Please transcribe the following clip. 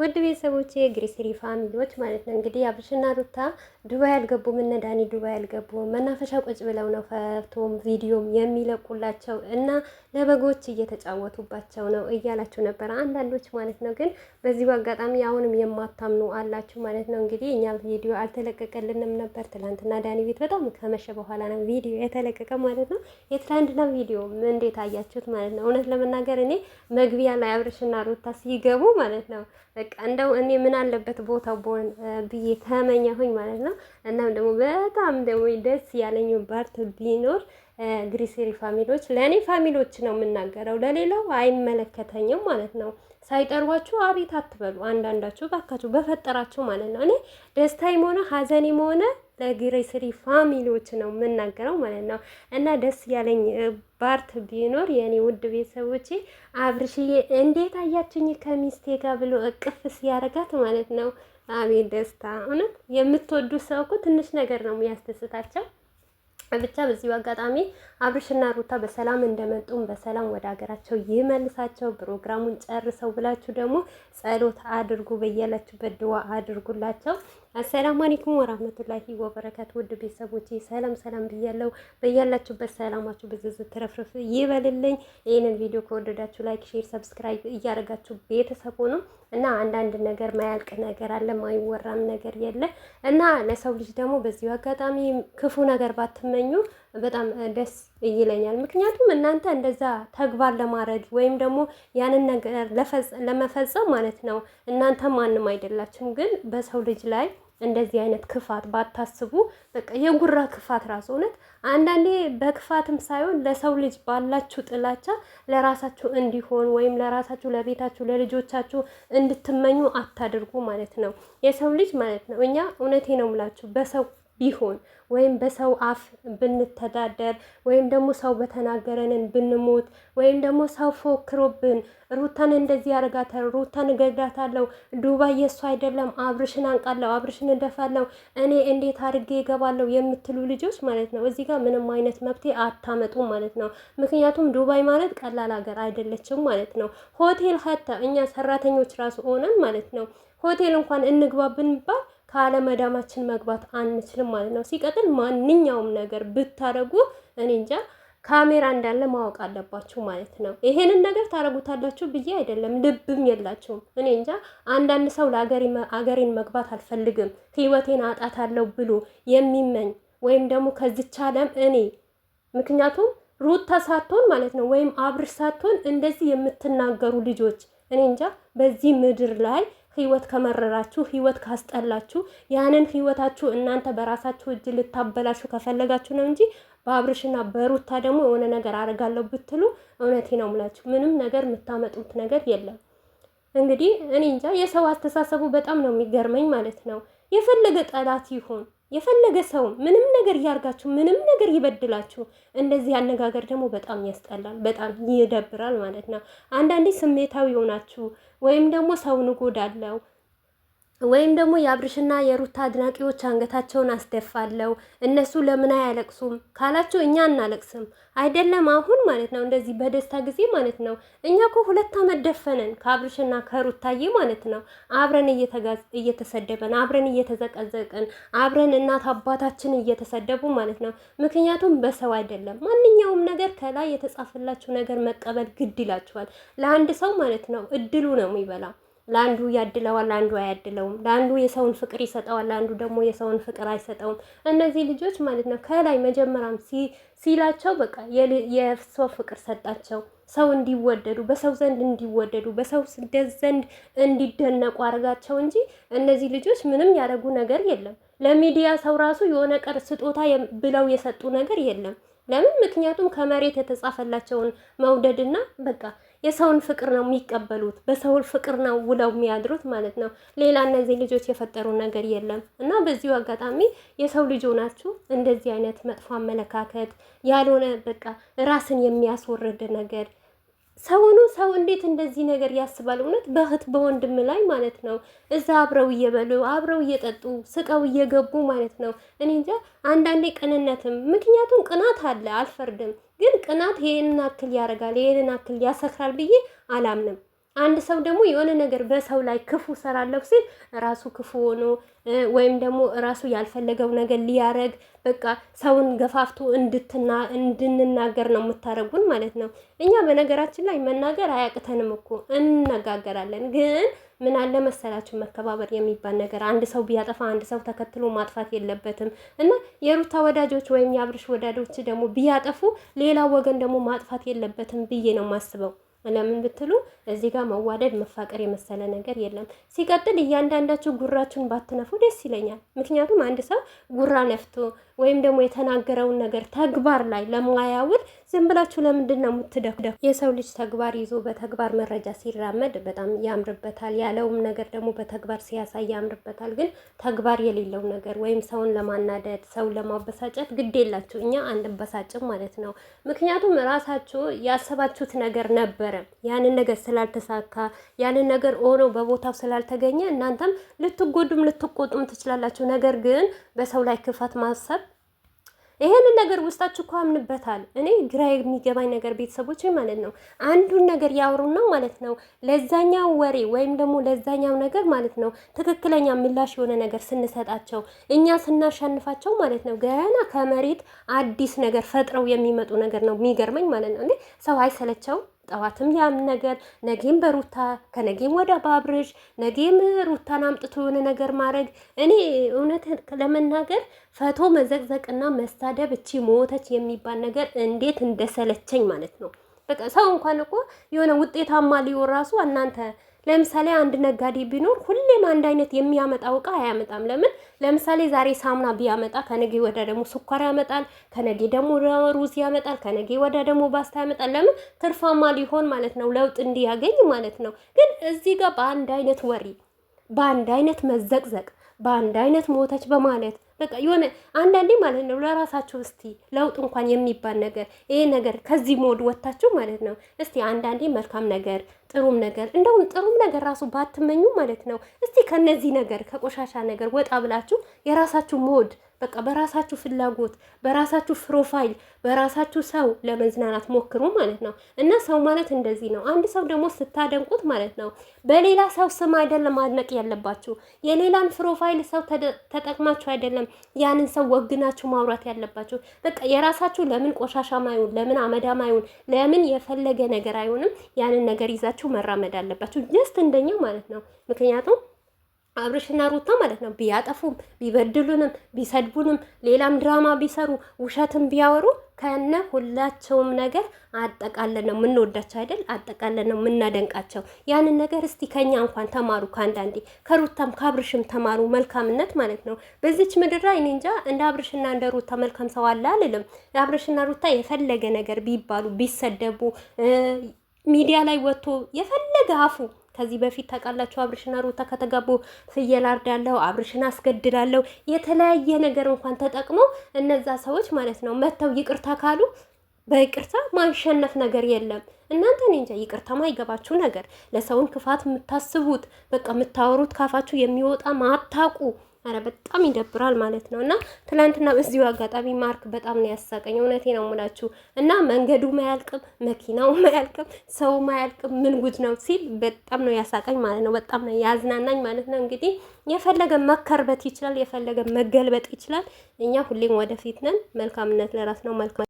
ውድ ቤተሰቦቼ ግሪስሪ ፋሚሊዎች ማለት ነው እንግዲህ አብርሽና ሩታ ዱባይ አልገቡም፣ እነ ዳኒ ዱባይ አልገቡም። መናፈሻ ቁጭ ብለው ነው ፈቶም ቪዲዮም የሚለቁላቸው እና ለበጎች እየተጫወቱባቸው ነው እያላችሁ ነበረ አንዳንዶች ማለት ነው። ግን በዚሁ አጋጣሚ አሁንም የማታምኑ አላችሁ ማለት ነው። እንግዲህ እኛ ቪዲዮ አልተለቀቀልንም ነበር። ትናንትና ዳኒ ቤት በጣም ከመሸ በኋላ ነው ቪዲዮ የተለቀቀ ማለት ነው። የትላንትና ቪዲዮ እንዴት አያችሁት ማለት ነው? እውነት ለመናገር እኔ መግቢያ ላይ አብርሽና ሩታ ሲገቡ ማለት ነው በቃ እንደው እኔ ምን አለበት ቦታ ቦን ብዬ ተመኘሁኝ ማለት ነው። እናም ደግሞ በጣም ደግሞ ደስ ያለኝ ባርት ቢኖር ግሪሴሪ ፋሚሊዎች ለእኔ ፋሚሊዎች ነው የምናገረው፣ ለሌላው አይመለከተኝም ማለት ነው። ሳይጠሯችሁ አቤት አትበሉ። አንዳንዳችሁ ባካችሁ በፈጠራችሁ ማለት ነው። እኔ ደስታይም ሆነ ሀዘኔም ሆነ ለግሬስሪ ፋሚሊዎች ነው የምናገረው ማለት ነው። እና ደስ ያለኝ ባርት ቢኖር የኔ ውድ ቤተሰቦቼ አብርሽዬ እንዴት አያችኝ ከሚስቴ ጋር ብሎ እቅፍ ሲያረጋት ማለት ነው። አቤት ደስታ! እውነት የምትወዱ ሰው እኮ ትንሽ ነገር ነው የሚያስደስታቸው። ብቻ በዚሁ አጋጣሚ አብርሽና ሩታ በሰላም እንደመጡም በሰላም ወደ ሀገራቸው ይመልሳቸው። ፕሮግራሙን ጨርሰው ብላችሁ ደግሞ ጸሎት አድርጉ፣ በያላችሁበት ድዋ አድርጉላቸው። አሰላሙ አለይኩም ወራህመቱላሂ ወበረከቱ። ውድ ቤተሰቦች ሰላም ሰላም ብያለሁ። በያላችሁበት ሰላማችሁ ብዝዝ ትረፍርፍ ይበልልኝ። ይህንን ቪዲዮ ከወደዳችሁ ላይክ፣ ሼር፣ ሰብስክራይብ እያደረጋችሁ ቤተሰቡ ነው እና አንዳንድ ነገር ማያልቅ ነገር አለ፣ ማይወራም ነገር የለ እና ለሰው ልጅ ደግሞ በዚሁ አጋጣሚ ክፉ ነገር ባትመ ብትገናኙ በጣም ደስ ይለኛል። ምክንያቱም እናንተ እንደዛ ተግባር ለማድረግ ወይም ደግሞ ያንን ነገር ለመፈጸም ማለት ነው እናንተ ማንም አይደላችሁም። ግን በሰው ልጅ ላይ እንደዚህ አይነት ክፋት ባታስቡ፣ በቃ የጉራ ክፋት ራሱ እውነት አንዳንዴ በክፋትም ሳይሆን ለሰው ልጅ ባላችሁ ጥላቻ ለራሳችሁ እንዲሆን ወይም ለራሳችሁ ለቤታችሁ፣ ለልጆቻችሁ እንድትመኙ አታድርጉ ማለት ነው። የሰው ልጅ ማለት ነው እኛ እውነቴ ነው የምላችሁ በሰው ቢሆን ወይም በሰው አፍ ብንተዳደር ወይም ደግሞ ሰው በተናገረንን ብንሞት ወይም ደግሞ ሰው ፎክሮብን ሩታን እንደዚህ ያደርጋታል፣ ሩተን እገዳታለሁ፣ ዱባ የእሱ አይደለም፣ አብርሽን አንቃለሁ፣ አብርሽን እንደፋለሁ፣ እኔ እንዴት አድርጌ እገባለሁ የምትሉ ልጆች ማለት ነው። እዚህ ጋር ምንም አይነት መብቴ አታመጡ ማለት ነው። ምክንያቱም ዱባይ ማለት ቀላል ሀገር አይደለችም ማለት ነው። ሆቴል ሀታ እኛ ሰራተኞች ራሱ ሆነን ማለት ነው ሆቴል እንኳን እንግባ ብንባል ካለመዳማችን መግባት አንችልም ማለት ነው። ሲቀጥል ማንኛውም ነገር ብታደርጉ እኔ እንጃ ካሜራ እንዳለ ማወቅ አለባችሁ ማለት ነው። ይሄንን ነገር ታደርጉታላችሁ ብዬ አይደለም፣ ልብም የላችሁም። እኔ እንጃ አንዳንድ ሰው ለአገሬን መግባት አልፈልግም ህይወቴን አጣታለሁ ብሎ የሚመኝ ወይም ደግሞ ከዚች ዓለም እኔ ምክንያቱም ሩታ ሳትሆን ማለት ነው ወይም አብርሽ ሳትሆን እንደዚህ የምትናገሩ ልጆች እኔ እንጃ በዚህ ምድር ላይ ህይወት ከመረራችሁ፣ ህይወት ካስጠላችሁ፣ ያንን ህይወታችሁ እናንተ በራሳችሁ እጅ ልታበላሹ ከፈለጋችሁ ነው እንጂ በአብርሽና በሩታ ደግሞ የሆነ ነገር አደርጋለሁ ብትሉ እውነቴ ነው የምላችሁ ምንም ነገር የምታመጡት ነገር የለም። እንግዲህ እኔ እንጃ የሰው አስተሳሰቡ በጣም ነው የሚገርመኝ ማለት ነው። የፈለገ ጠላት ይሁን የፈለገ ሰው ምንም ነገር እያርጋችሁ ምንም ነገር ይበድላችሁ። እንደዚህ አነጋገር ደግሞ በጣም ያስጠላል፣ በጣም ይደብራል ማለት ነው። አንዳንዴ ስሜታዊ ሆናችሁ ወይም ደግሞ ሰውን እጎዳለሁ ወይም ደግሞ የአብርሽና የሩታ አድናቂዎች አንገታቸውን አስደፋለው እነሱ ለምን አያለቅሱም ካላችሁ እኛ አናለቅስም። አይደለም አሁን ማለት ነው እንደዚህ በደስታ ጊዜ ማለት ነው። እኛ እኮ ሁለት ዓመት ደፈነን ከአብርሽና ከሩታዬ ማለት ነው አብረን እየተሰደበን አብረን እየተዘቀዘቅን አብረን እናት አባታችን እየተሰደቡ ማለት ነው። ምክንያቱም በሰው አይደለም ማንኛውም ነገር ከላይ የተጻፈላችሁ ነገር መቀበል ግድ ይላችኋል። ለአንድ ሰው ማለት ነው እድሉ ነው የሚበላው ለአንዱ ያድለዋል፣ ለአንዱ አያድለውም። ለአንዱ የሰውን ፍቅር ይሰጠዋል፣ ለአንዱ ደግሞ የሰውን ፍቅር አይሰጠውም። እነዚህ ልጆች ማለት ነው ከላይ መጀመሪያም ሲላቸው በቃ የሰው ፍቅር ሰጣቸው። ሰው እንዲወደዱ በሰው ዘንድ እንዲወደዱ በሰው ስደት ዘንድ እንዲደነቁ አድርጋቸው እንጂ እነዚህ ልጆች ምንም ያደረጉ ነገር የለም። ለሚዲያ ሰው ራሱ የሆነ ቀር ስጦታ ብለው የሰጡ ነገር የለም። ለምን? ምክንያቱም ከመሬት የተጻፈላቸውን መውደድና በቃ የሰውን ፍቅር ነው የሚቀበሉት፣ በሰው ፍቅር ነው ውለው የሚያድሩት ማለት ነው። ሌላ እነዚህ ልጆች የፈጠሩ ነገር የለም እና በዚሁ አጋጣሚ የሰው ልጆ ናችሁ እንደዚህ አይነት መጥፎ አመለካከት ያልሆነ በቃ ራስን የሚያስወርድ ነገር ሰውኑ ሰው እንዴት እንደዚህ ነገር ያስባል? እውነት በእህት በወንድም ላይ ማለት ነው። እዛ አብረው እየበሉ አብረው እየጠጡ ስቀው እየገቡ ማለት ነው። እኔ እንጃ አንዳንዴ ቅንነትም ምክንያቱም ቅናት አለ አልፈርድም ግን ቅናት ይሄንን አክል ያደርጋል ይሄንን አክል ያሰክራል ብዬ አላምንም። አንድ ሰው ደግሞ የሆነ ነገር በሰው ላይ ክፉ ሰራለሁ ሲል ራሱ ክፉ ሆኖ ወይም ደግሞ ራሱ ያልፈለገው ነገር ሊያረግ በቃ ሰውን ገፋፍቶ እንድትና እንድንናገር ነው የምታረጉን ማለት ነው። እኛ በነገራችን ላይ መናገር አያቅተንም እኮ እንነጋገራለን ግን ምን አለ መሰላችሁ መከባበር የሚባል ነገር አንድ ሰው ቢያጠፋ አንድ ሰው ተከትሎ ማጥፋት የለበትም እና የሩታ ወዳጆች ወይም የአብርሽ ወዳጆች ደግሞ ቢያጠፉ ሌላ ወገን ደግሞ ማጥፋት የለበትም ብዬ ነው የማስበው። ለምን ብትሉ እዚህ ጋር መዋደድ መፋቀር የመሰለ ነገር የለም። ሲቀጥል እያንዳንዳችሁ ጉራችሁን ባትነፉ ደስ ይለኛል። ምክንያቱም አንድ ሰው ጉራ ነፍቶ ወይም ደግሞ የተናገረውን ነገር ተግባር ላይ ለማያውል ዝም ብላችሁ ለምንድን ነው የምትደክደው? የሰው ልጅ ተግባር ይዞ በተግባር መረጃ ሲራመድ በጣም ያምርበታል። ያለውም ነገር ደግሞ በተግባር ሲያሳይ ያምርበታል። ግን ተግባር የሌለው ነገር ወይም ሰውን ለማናደድ ሰውን ለማበሳጨት ግድ የላችሁ እኛ አንበሳጭም ማለት ነው። ምክንያቱም ራሳችሁ ያሰባችሁት ነገር ነበረ ያንን ነገር ስላልተሳካ ያንን ነገር ሆኖ በቦታው ስላልተገኘ እናንተም ልትጎዱም ልትቆጡም ትችላላችሁ። ነገር ግን በሰው ላይ ክፋት ማሰብ ይሄንን ነገር ውስጣችሁ እኮ አምንበታል። እኔ ግራ የሚገባኝ ነገር ቤተሰቦች ማለት ነው አንዱን ነገር ያወሩና ማለት ነው ለዛኛው ወሬ ወይም ደግሞ ለዛኛው ነገር ማለት ነው ትክክለኛ ምላሽ የሆነ ነገር ስንሰጣቸው እኛ ስናሸንፋቸው ማለት ነው ገና ከመሬት አዲስ ነገር ፈጥረው የሚመጡ ነገር ነው የሚገርመኝ ማለት ነው። እንዴ ሰው አይሰለቸው ጠዋትም ያም ነገር ነጌም በሩታ ከነጌም ወደ ባብርሽ ነጌም ሩታን አምጥቶ የሆነ ነገር ማድረግ እኔ እውነት ለመናገር ፈቶ መዘቅዘቅና መሳደብ እቺ ሞተች የሚባል ነገር እንዴት እንደሰለቸኝ ማለት ነው። በቃ ሰው እንኳን እኮ የሆነ ውጤታማ ሊሆን ራሱ እናንተ ለምሳሌ አንድ ነጋዴ ቢኖር ሁሌም አንድ አይነት የሚያመጣው እቃ አያመጣም። ለምን? ለምሳሌ ዛሬ ሳሙና ቢያመጣ ከነጌ ወደ ደግሞ ስኳር ያመጣል፣ ከነጌ ደግሞ ሩዝ ያመጣል፣ ከነጌ ወደ ደግሞ ባስታ ያመጣል። ለምን? ትርፋማ ሊሆን ማለት ነው፣ ለውጥ እንዲያገኝ ማለት ነው። ግን እዚህ ጋር በአንድ አይነት ወሬ፣ በአንድ አይነት መዘቅዘቅ፣ በአንድ አይነት ሞተች በማለት በቃ የሆነ አንዳንዴ ማለት ነው ለራሳችሁ እስቲ ለውጥ እንኳን የሚባል ነገር ይሄ ነገር ከዚህ ሞድ ወጥታችሁ ማለት ነው እስቲ አንዳንዴ መልካም ነገር ጥሩም ነገር እንደውም ጥሩም ነገር ራሱ ባትመኙ ማለት ነው። እስቲ ከነዚህ ነገር ከቆሻሻ ነገር ወጣ ብላችሁ የራሳችሁ ሞድ በቃ በራሳችሁ ፍላጎት፣ በራሳችሁ ፕሮፋይል፣ በራሳችሁ ሰው ለመዝናናት ሞክሩ ማለት ነው። እና ሰው ማለት እንደዚህ ነው። አንድ ሰው ደግሞ ስታደንቁት ማለት ነው በሌላ ሰው ስም አይደለም ማድነቅ ያለባችሁ። የሌላን ፕሮፋይል ሰው ተጠቅማችሁ አይደለም ያንን ሰው ወግናችሁ ማውራት ያለባችሁ። በቃ የራሳችሁ ለምን ቆሻሻም አይሆን ለምን አመዳም አይሆን ለምን የፈለገ ነገር አይሆንም ያንን ነገር ይዛ እያላችሁ መራመድ አለባችሁ። ጀስት እንደኛ ማለት ነው። ምክንያቱም አብርሽና ሩታ ማለት ነው ቢያጠፉም ቢበድሉንም ቢሰድቡንም ሌላም ድራማ ቢሰሩ ውሸትም ቢያወሩ ከነ ሁላቸውም ነገር አጠቃለን ነው የምንወዳቸው አይደል? አጠቃለን ነው የምናደንቃቸው። ያንን ነገር እስቲ ከኛ እንኳን ተማሩ፣ ከአንዳንዴ ከሩታም ከአብርሽም ተማሩ። መልካምነት ማለት ነው በዚች ምድር ላይ እኔ እንጃ እንደ አብርሽና እንደ ሩታ መልካም ሰው አለ አልልም። አብርሽና ሩታ የፈለገ ነገር ቢባሉ ቢሰደቡ ሚዲያ ላይ ወጥቶ የፈለገ አፉ ከዚህ በፊት ታውቃላችሁ፣ አብርሽና ሩታ ከተጋቡ ፍየል አርዳለሁ፣ አብርሽን አስገድላለሁ፣ የተለያየ ነገር እንኳን ተጠቅሞ እነዛ ሰዎች ማለት ነው መጥተው ይቅርታ ካሉ በይቅርታ ማሸነፍ ነገር የለም። እናንተ እኔ እንጃ ይቅርታ ማይገባችሁ ነገር ለሰውን ክፋት የምታስቡት በቃ የምታወሩት ካፋችሁ የሚወጣ ማታቁ ኧረ በጣም ይደብራል ማለት ነው። እና ትናንትና በዚሁ አጋጣሚ ማርክ በጣም ነው ያሳቀኝ። እውነቴ ነው የምላችሁ። እና መንገዱ ማያልቅም፣ መኪናው ማያልቅም፣ ሰው ማያልቅም ምን ጉድ ነው ሲል በጣም ነው ያሳቀኝ ማለት ነው። በጣም ነው ያዝናናኝ ማለት ነው። እንግዲህ የፈለገ መከርበት ይችላል፣ የፈለገ መገልበጥ ይችላል። እኛ ሁሌም ወደፊት ነን። መልካምነት ለራስ ነው መልካም